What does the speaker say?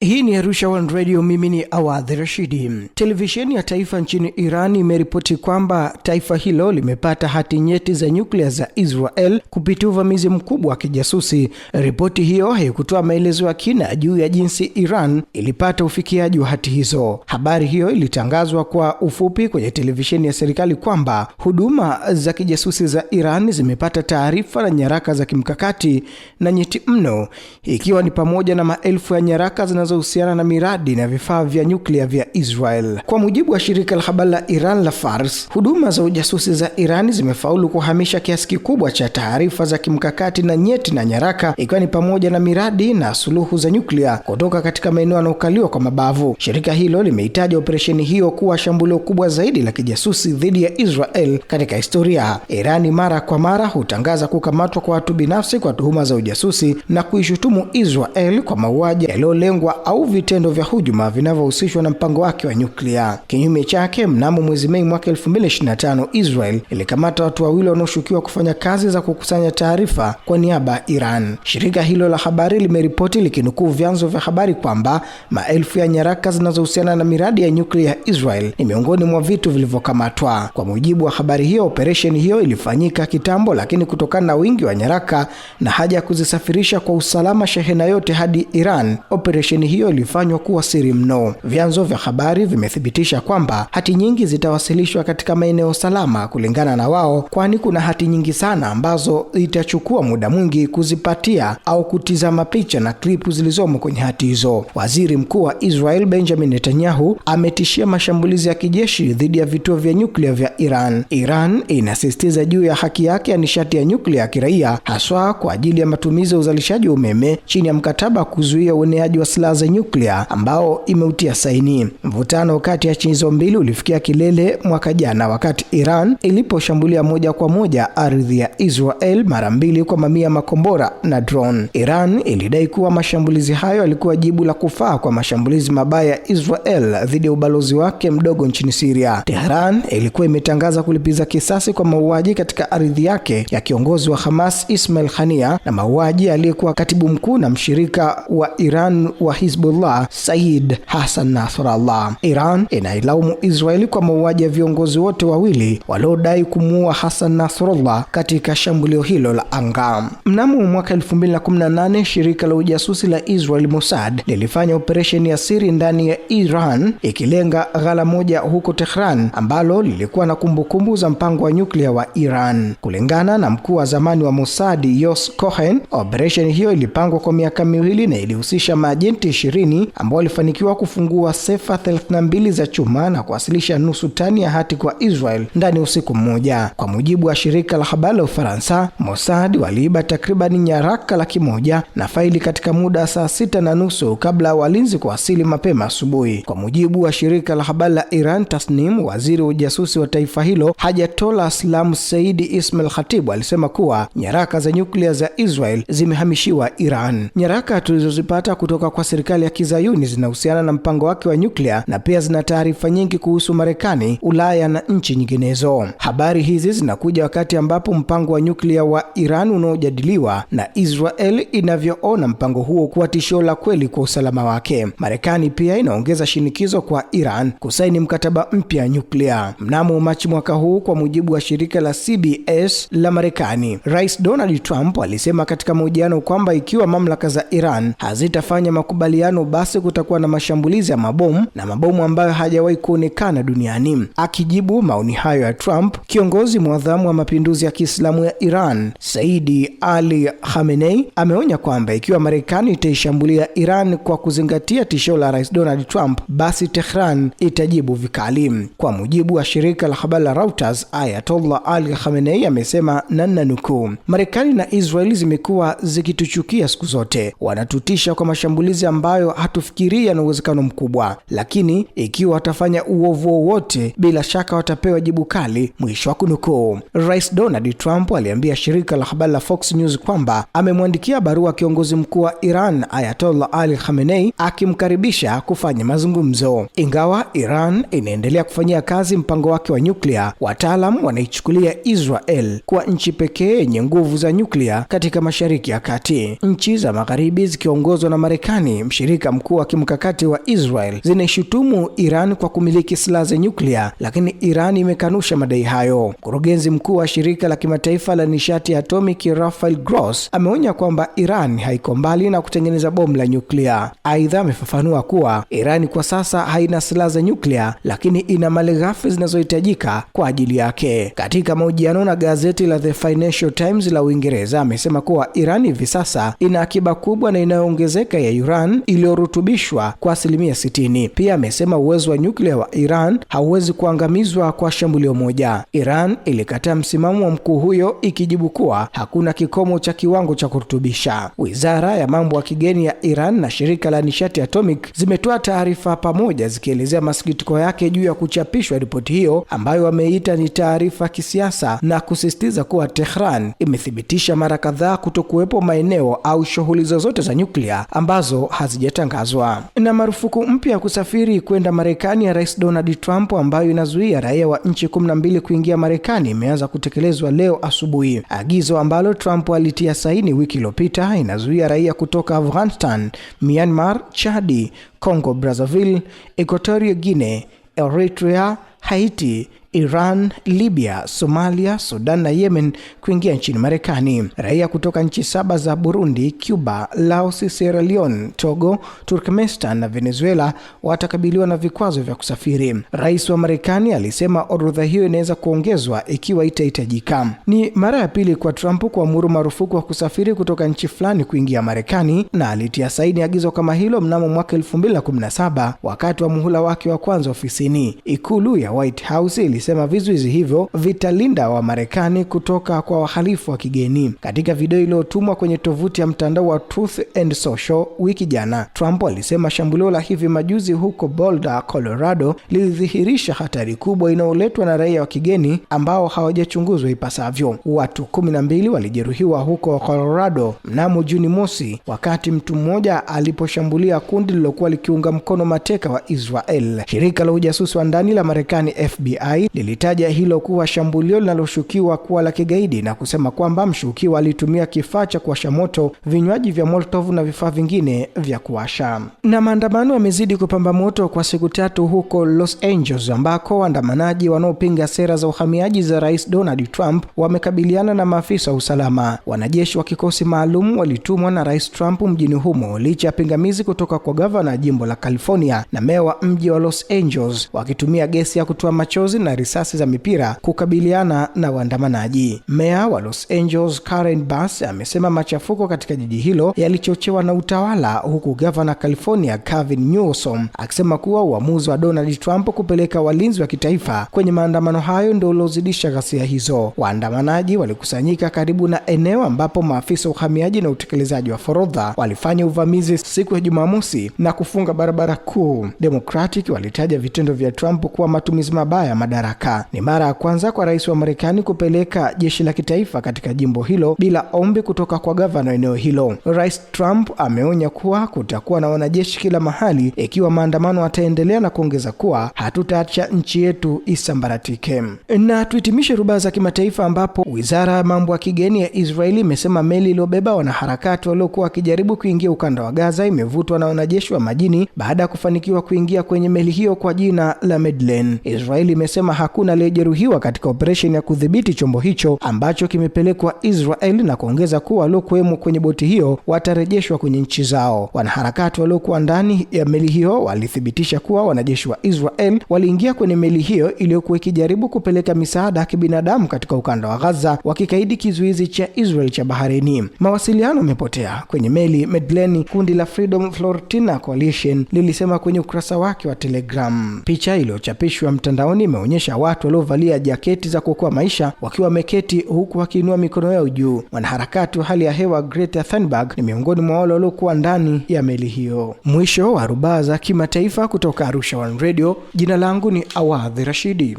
Hii ni Arusha One Radio, mimi ni Awadhi Rashidi. Televisheni ya taifa nchini Iran imeripoti kwamba taifa hilo limepata hati nyeti za nyuklia za Israel kupitia uvamizi mkubwa wa kijasusi. Ripoti hiyo haikutoa maelezo ya kina juu ya jinsi Iran ilipata ufikiaji wa hati hizo. Habari hiyo ilitangazwa kwa ufupi kwenye televisheni ya serikali kwamba huduma za kijasusi za Iran zimepata taarifa na nyaraka za kimkakati na nyeti mno, ikiwa ni pamoja na maelfu ya nyaraka zinazohusiana na miradi na vifaa vya nyuklia vya Israel. Kwa mujibu wa shirika la habari la Iran la Fars, huduma za ujasusi za Irani zimefaulu kuhamisha kiasi kikubwa cha taarifa za kimkakati na nyeti na nyaraka, ikiwa ni pamoja na miradi na suluhu za nyuklia kutoka katika maeneo yanayokaliwa kwa mabavu. Shirika hilo limeitaja operesheni hiyo kuwa shambulio kubwa zaidi la kijasusi dhidi ya Israel katika historia. Irani mara kwa mara hutangaza kukamatwa kwa watu binafsi kwa tuhuma za ujasusi na kuishutumu Israel kwa mauaji yaliyolengwa au vitendo vya hujuma vinavyohusishwa na mpango wake wa nyuklia. Kinyume chake, mnamo mwezi Mei mwaka 2025 Israel ilikamata watu wawili wanaoshukiwa kufanya kazi za kukusanya taarifa kwa niaba ya Iran. Shirika hilo la habari limeripoti likinukuu vyanzo vya habari kwamba maelfu ya nyaraka zinazohusiana na miradi ya nyuklia ya Israel ni miongoni mwa vitu vilivyokamatwa. Kwa mujibu wa habari hiyo, operesheni hiyo ilifanyika kitambo, lakini kutokana na wingi wa nyaraka na haja ya kuzisafirisha kwa usalama shehena yote hadi Iran, operesheni kampeni hiyo ilifanywa kuwa siri mno. Vyanzo vya habari vimethibitisha kwamba hati nyingi zitawasilishwa katika maeneo salama kulingana na wao, kwani kuna hati nyingi sana ambazo itachukua muda mwingi kuzipatia au kutizama picha na klipu zilizomo kwenye hati hizo. Waziri Mkuu wa Israel Benjamin Netanyahu ametishia mashambulizi ya kijeshi dhidi ya vituo vya nyuklia vya Iran. Iran inasisitiza juu ya haki yake ya nishati ya nyuklia ya kiraia, haswa kwa ajili ya matumizi ya uzalishaji wa umeme chini ya mkataba wa kuzuia ueneaji wa silaha za nyuklia ambao imeutia saini. Mvutano kati ya nchi hizo mbili ulifikia kilele mwaka jana wakati Iran iliposhambulia moja kwa moja ardhi ya Israel mara mbili kwa mamia makombora na drone. Iran ilidai kuwa mashambulizi hayo yalikuwa jibu la kufaa kwa mashambulizi mabaya ya Israel dhidi ya ubalozi wake mdogo nchini Syria. Tehran ilikuwa imetangaza kulipiza kisasi kwa mauaji katika ardhi yake ya kiongozi wa Hamas Ismail Khania na mauaji aliyekuwa katibu mkuu na mshirika wa Iran wa Hizbullah Said Hassan Nasrallah. Iran inailaumu Israeli kwa mauaji ya viongozi wote wawili waliodai kumuua Hassan Nasrallah katika shambulio hilo la anga. Mnamo mwaka 2018 shirika la ujasusi la Israel Mossad lilifanya operesheni ya siri ndani ya Iran ikilenga ghala moja huko Tehran ambalo lilikuwa na kumbukumbu za mpango wa nyuklia wa Iran. Kulingana na mkuu wa zamani wa Mossad Yos Cohen, operesheni hiyo ilipangwa kwa miaka miwili na ilihusisha majenti ishirini ambao walifanikiwa kufungua sefa 32 za chuma na kuwasilisha nusu tani ya hati kwa Israel ndani usiku mmoja. Kwa mujibu wa shirika la habari la Ufaransa, Mossad waliiba takriban nyaraka laki moja na faili katika muda wa saa sita na nusu kabla ya walinzi kuwasili mapema asubuhi. Kwa mujibu wa shirika la habari la Iran Tasnim, waziri wa ujasusi wa taifa hilo Hajatola Salamu Saidi Ismail Khatibu alisema kuwa nyaraka za nyuklia za Israel zimehamishiwa Iran. Nyaraka tulizozipata kutoka kwa serikali serikali ya kizayuni zinahusiana na mpango wake wa nyuklia na pia zina taarifa nyingi kuhusu Marekani, Ulaya na nchi nyinginezo. Habari hizi zinakuja wakati ambapo mpango wa nyuklia wa Iran unaojadiliwa na Israel inavyoona mpango huo kuwa tishio la kweli kwa usalama wake. Marekani pia inaongeza shinikizo kwa Iran kusaini mkataba mpya nyuklia. Mnamo Machi mwaka huu, kwa mujibu wa shirika la CBS la Marekani, Rais Donald Trump alisema katika mahojiano kwamba ikiwa mamlaka za Iran hazitafanya makubaliano makubaliano, basi kutakuwa na mashambulizi ya mabomu na mabomu ambayo hajawahi kuonekana duniani. Akijibu maoni hayo ya Trump, kiongozi mwadhamu wa mapinduzi ya Kiislamu ya Iran Saidi Ali Khamenei ameonya kwamba ikiwa Marekani itaishambulia Iran kwa kuzingatia tishio la Rais Donald Trump, basi Tehran itajibu vikali. Kwa mujibu wa shirika la habari la Reuters, Ayatollah Ali Khamenei amesema nanna nukuu, Marekani na Israeli zimekuwa zikituchukia siku zote, wanatutisha kwa mashambulizi ya ambayo hatufikiria na uwezekano mkubwa, lakini ikiwa watafanya uovu wowote, bila shaka watapewa jibu kali. Mwisho wa kunukuu. Rais Donald Trump aliambia shirika la habari la Fox News kwamba amemwandikia barua kiongozi mkuu wa Iran Ayatollah Ali Khamenei akimkaribisha kufanya mazungumzo. Ingawa Iran inaendelea kufanyia kazi mpango wake wa nyuklia, wataalam wanaichukulia Israel kuwa nchi pekee yenye nguvu za nyuklia katika Mashariki ya Kati. Nchi za Magharibi zikiongozwa na Marekani mshirika mkuu wa kimkakati wa Israel zinaishutumu Iran kwa kumiliki silaha za nyuklia, lakini Iran imekanusha madai hayo. Mkurugenzi mkuu wa shirika la kimataifa la nishati ya atomiki Rafael Gross ameonya kwamba Iran haiko mbali na kutengeneza bomu la nyuklia. Aidha, amefafanua kuwa Iran kwa sasa haina silaha za nyuklia, lakini ina malighafi zinazohitajika kwa ajili yake. Katika mahojiano na gazeti la The Financial Times la Uingereza, amesema kuwa Iran hivi sasa ina akiba kubwa na inayoongezeka ya urani iliyorutubishwa kwa asilimia 60. Pia amesema uwezo wa nyuklia wa Iran hauwezi kuangamizwa kwa shambulio moja. Iran ilikataa msimamo wa mkuu huyo ikijibu kuwa hakuna kikomo cha kiwango cha kurutubisha. Wizara ya mambo ya kigeni ya Iran na shirika la nishati atomic zimetoa taarifa pamoja zikielezea masikitiko yake juu ya kuchapishwa ripoti hiyo ambayo wameita ni taarifa ya kisiasa na kusisitiza kuwa Tehran imethibitisha mara kadhaa kutokuwepo maeneo au shughuli zozote za nyuklia ambazo hazijatangazwa. Na marufuku mpya ya kusafiri kwenda Marekani ya Rais Donald Trump ambayo inazuia raia wa nchi 12 kuingia Marekani imeanza kutekelezwa leo asubuhi. Agizo ambalo Trump alitia saini wiki iliyopita inazuia raia kutoka Afghanistan, Myanmar, Chadi, Congo Brazzaville, Equatorial Guinea, Eritrea Haiti, Iran, Libya, Somalia, Sudan na Yemen kuingia nchini Marekani. Raia kutoka nchi saba za Burundi, Cuba, Laos, Sierra Leone, Togo, Turkmenistan na Venezuela watakabiliwa na vikwazo vya kusafiri. Rais wa Marekani alisema orodha hiyo inaweza kuongezwa ikiwa itahitajika. Ni mara ya pili kwa Trump kuamuru marufuku wa kusafiri kutoka nchi fulani kuingia Marekani na alitia saini agizo kama hilo mnamo mwaka 2017 wakati wa muhula wake wa kwanza ofisini. Ikulu ya White House ilisema vizuizi hivyo vitalinda Wamarekani kutoka kwa wahalifu wa kigeni. Katika video iliyotumwa kwenye tovuti ya mtandao wa Truth and Social wiki jana, Trump alisema shambulio la hivi majuzi huko Boulder, Colorado lilidhihirisha hatari kubwa inayoletwa na raia wa kigeni ambao hawajachunguzwa ipasavyo. Watu kumi na mbili walijeruhiwa huko Colorado mnamo Juni mosi wakati mtu mmoja aliposhambulia kundi lilokuwa likiunga mkono mateka wa Israel. Shirika la ujasusi wa ndani la Marekani Marekani FBI lilitaja hilo kuwa shambulio linaloshukiwa kuwa la kigaidi na kusema kwamba mshukiwa alitumia kifaa cha kuwasha moto, vinywaji vya Molotov na vifaa vingine vya kuwasha. Na maandamano yamezidi kupamba moto kwa siku tatu huko Los Angeles ambako waandamanaji wanaopinga sera za uhamiaji za Rais Donald Trump wamekabiliana na maafisa wa usalama. Wanajeshi wa kikosi maalum walitumwa na Rais Trump mjini humo licha ya pingamizi kutoka kwa gavana jimbo la California na meya wa mji wa Los Angeles wakitumia gesi ya kutoa machozi na risasi za mipira kukabiliana na waandamanaji. Meya wa Los Angeles Karen Bass amesema machafuko katika jiji hilo yalichochewa na utawala, huku gavana California Gavin Newsom akisema kuwa uamuzi wa Donald Trump kupeleka walinzi wa kitaifa kwenye maandamano hayo ndio uliozidisha ghasia hizo. Waandamanaji walikusanyika karibu na eneo ambapo maafisa wa uhamiaji na utekelezaji wa forodha walifanya uvamizi siku ya Jumamosi na kufunga barabara kuu. Democratic walitaja vitendo vya Trump kuwa matumizi matumizi mabaya madaraka. Ni mara ya kwanza kwa rais wa Marekani kupeleka jeshi la kitaifa katika jimbo hilo bila ombi kutoka kwa gavana eneo hilo. Rais Trump ameonya kuwa kutakuwa na wanajeshi kila mahali ikiwa maandamano ataendelea na kuongeza kuwa hatutaacha nchi yetu isambaratike. Na tuhitimishe rubaa za kimataifa, ambapo wizara ya mambo ya kigeni ya Israeli imesema meli iliyobeba wanaharakati waliokuwa wakijaribu kuingia ukanda wa Gaza imevutwa na wanajeshi wa majini baada ya kufanikiwa kuingia kwenye meli hiyo kwa jina la Madeleine. Israeli imesema hakuna aliyejeruhiwa katika operesheni ya kudhibiti chombo hicho ambacho kimepelekwa Israeli na kuongeza kuwa waliokuwemo kwenye boti hiyo watarejeshwa kwenye nchi zao. Wanaharakati waliokuwa ndani ya meli hiyo walithibitisha kuwa wanajeshi wa Israel waliingia kwenye meli hiyo iliyokuwa ikijaribu kupeleka misaada ya kibinadamu katika ukanda wa Gaza wakikaidi kizuizi cha Israel cha baharini. Mawasiliano yamepotea kwenye meli Medleni, Kundi la Freedom Flortina Coalition lilisema kwenye ukurasa wake wa Telegram. Picha iliyochapishwa mtandaoni imeonyesha watu waliovalia jaketi za kuokoa maisha wakiwa wameketi huku wakiinua mikono yao juu. Mwanaharakati wa hali ya hewa Greta Thunberg ni miongoni mwa wale waliokuwa ndani ya meli hiyo. Mwisho wa rubaa za kimataifa kutoka Arusha One Radio. Jina langu ni Awadhi Rashidi.